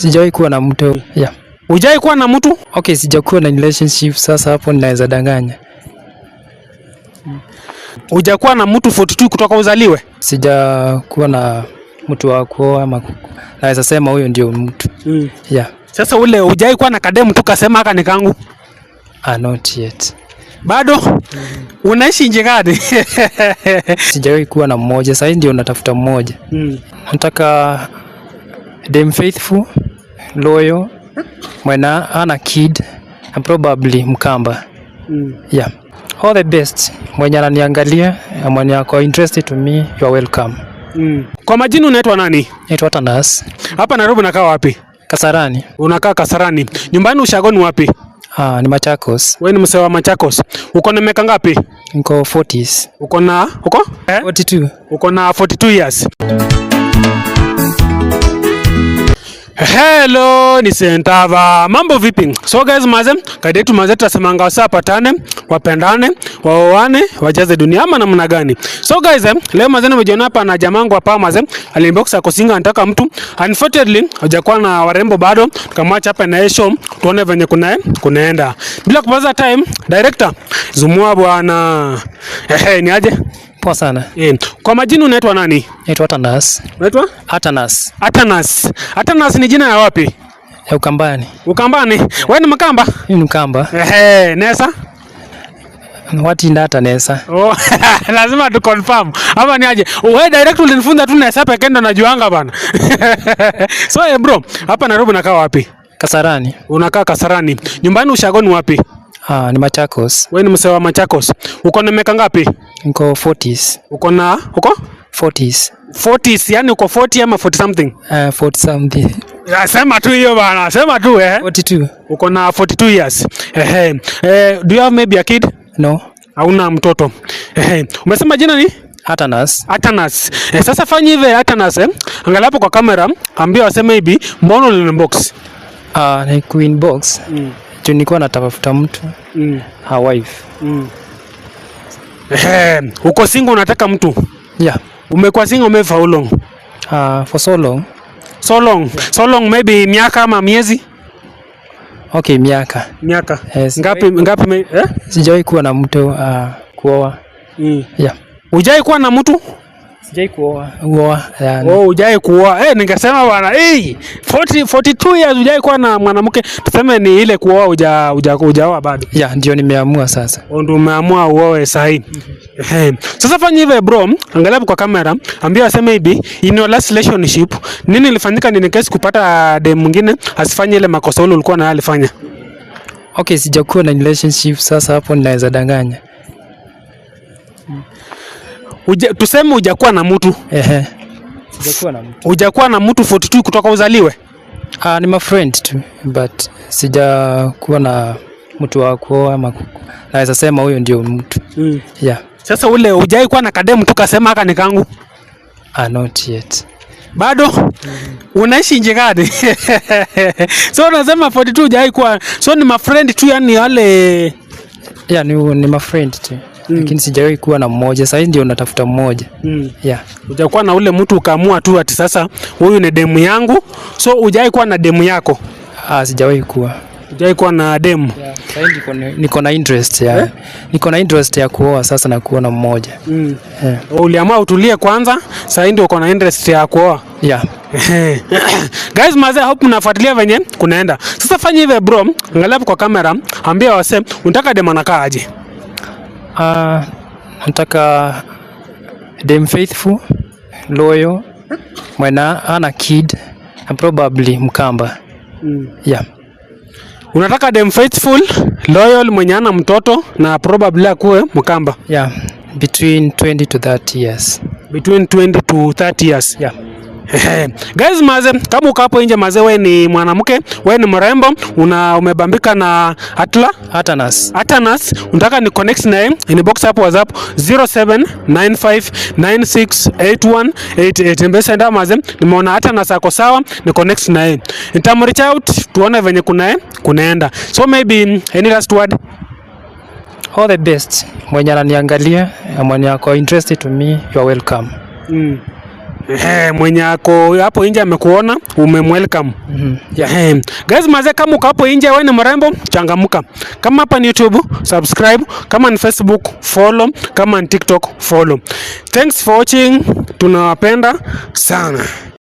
Sijawahi kuwa na mtu. Yeah. Hujawahi kuwa na mtu? Okay, sijakuwa na relationship sasa hapo ninaweza danganya. Hujakuwa na mtu 42 kutoka uzaliwe? Sijakuwa na mtu wa kuoa ama naweza sema huyo ndio mtu. Mm. Yeah. Sasa ule hujawahi kuwa na kademu tu kasema haka ni kangu? Ah, not yet. Bado? Mm. Unaishi nje gani? Sijawahi kuwa na mmoja. Sasa ndio natafuta mmoja. Mm. Nataka dem faithful loyo mwena ana kid and probably mkamba mm. yeah all the best mwenye ananiangalia mwenye ako interested to me you are welcome mm. kwa majina unaitwa nani naitwa Tanas hapa Nairobi unakaa wapi Kasarani unakaa Kasarani nyumbani ushagoni wapi Ah, ni Machakos. Wewe ni msewa Machakos. Uko na miaka ngapi? Niko 40s. Uko na uko? Eh? 42. Uko na 42 years. Hello, ni Sentava. Mambo vipi? So guys, maze kadetu maze wasa wasapatane, wapendane, waoane, wajaze dunia ama namna gani? So guys, eh, leo maze nimejiona hapa na jamangu hapa maze, alinbox akosinga anataka mtu. Unfortunately, hajakuwa na warembo bado, tukamwacha hapa na show tuone venye kuna kunaenda. Bila kupoteza time, director, zumua bwana. Ehe, ni aje? Poa sana. Eh, kwa majina unaitwa nani? Naitwa Atanas. Unaitwa? Atanas. Atanas. Atanas ni jina ya wapi? Ya Ukambani. Ukambani. Yeah. Wewe ni Mkamba? Mimi ni Mkamba. Ehe, Nesa? Wati hata Nesa. Oh, lazima tu confirm. Ama ni aje? Wewe direct ulinifunza tu Nesa pekee ndo najuanga bana. So, eh, bro, hapa Nairobi unakaa wapi? Kasarani. Unakaa Kasarani. Nyumbani ushagoni wapi? Ah, ni Machakos. Wewe ni msee Machakos. Uko na miaka ngapi? Niko 40s. Uko na uko? 40s. 40s, yani uko 40 ama 40 something? Ah, uh, 40 something. Ya, sema tu hiyo bana, sema tu eh. 42. Uko na 42 years. Eh, eh. Eh, Do you have maybe a kid? No. Hauna mtoto. Eh. eh. Umesema jina ni? Atanas. Atanas. Eh, sasa fanya hivi Atanas eh. Angalia hapo kwa kamera, ambia waseme hivi, mbona ni box? Ah, uh, ni queen box. Mm wakati nilikuwa natafuta mtu mm. a wife mm. uko single unataka mtu? Yeah. Umekuwa single ume for how long? Uh, for so long. So long. Yeah. So long maybe miaka ama miezi? Okay, miaka. Miaka. Yes. Ngapi ngapi eh? Sijawahi kuwa na mtu uh, kuoa. Mm. Yeah. Hujawahi kuwa na mtu? Sijai kuoa. Uoa. Oh, hujai kuoa. Eh, ningesema bwana, eh 40 42 years hujai kuwa na mwanamke. Tuseme ni ile kuoa uja uja hujaoa bado. Ya, yeah, ndio nimeamua sasa. Wewe oh, Ndio umeamua uoe sasa hivi. Eh. Sasa fanya hivi bro, angalia kwa kamera, ambia aseme hivi, in your last relationship, nini ilifanyika nini kesi kupata ah, dem mwingine asifanye ile makosa ule ulikuwa naye alifanya? Okay, sijakuwa na relationship sasa hapo ninaweza danganya. Uja, tuseme hujakuwa na mtu. Ehe. Sijakuwa na mtu. Hujakuwa na mtu 42 kutoka uzaliwe? Ah, ni my friend tu but sijakuwa na mtu wa kuoa ama naweza sema huyo ndio mtu. Mm. Yeah. Sasa ule hujai kuwa na kademu tu kasema aka ni kangu? Ah, not yet. Bado? Mm. Unaishi nje gani? So unasema 42 hujai kuwa. So ni my friend tu yani wale. Yeah, ni, ni my friend tu. Mm. Lakini sijawahi kuwa na mmoja, sasa ndio natafuta mmoja mm. yeah. Ujakuwa na ule mtu ukaamua tu ati sasa huyu ni demu yangu, so ujawahi kuwa na demu yako? Ah, sijawahi kuwa Ujawahi kuwa na demu? Yeah. Sasa niko na interest ya, Yeah. Niko na interest ya kuoa sasa na kuwa na mmoja mm. yeah. Oh, uliamua utulie kwanza, sasa ndio uko na interest ya kuoa yeah. Eh. Guys, mazee, hope mnafuatilia venye kunaenda. Sasa fanya hivi bro, angalia kwa kamera, ambia wase unataka demu anakaa aje. Uh, nataka Dem Faithful, Loyo, Mwena, Ana Kid and probably Mkamba. Mm. Yeah. Unataka Dem Faithful, Loyal mwenye ana mtoto na probably akuwe Mkamba. Yeah. Between 20 to 30 years. Between 20 to 30 years. Yeah. Guys maze, kama uko hapo nje maze, wewe ni mwanamke, wewe ni mrembo, una umebambika na Atla Atanas. Atanas, unataka ni connect naye, inbox hapo WhatsApp 0795968188. Mbesa ndio maze, nimeona Atanas ako sawa, ni connect naye. Nitam reach out tuone venye kunae kunaenda. So maybe any last word? All the best. Mwenye ananiangalia, mwenye ako interested to me, you are welcome. Mm. Eh, mwenye ako hapo nje amekuona, umemwelcome. Mm -hmm. Ehe. Guys, maze kama uko hapo nje wewe ni mrembo, changamka. Kama hapa ni YouTube, subscribe, kama ni Facebook, follow, kama ni TikTok, follow. Thanks for watching. Tunawapenda sana.